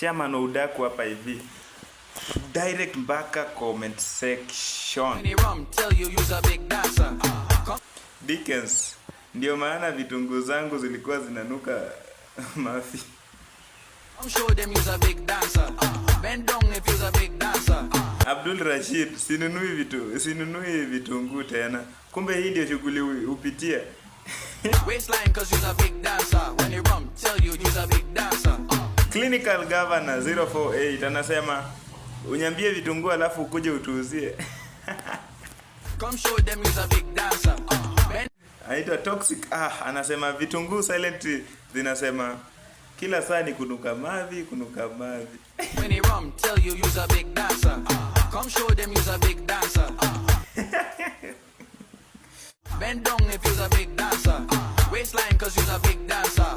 chairman Oudaku hapa hivi direct mpaka comment section Dickens. Ndio maana vitungu zangu zilikuwa zinanuka mafi. Abdul Rashid, sinunui vitu, sinunui vitunguu tena. Kumbe hii ndio shughuli upitia. clinical governor 048 anasema unyambie vitunguu alafu ukuje utuuzie. Anaitwa Toxic ah, anasema vitunguu silent zinasema kila saa ni kunuka mavi kunuka mavi. Bend down if you're a big dancer. Waistline cause you're a big dancer.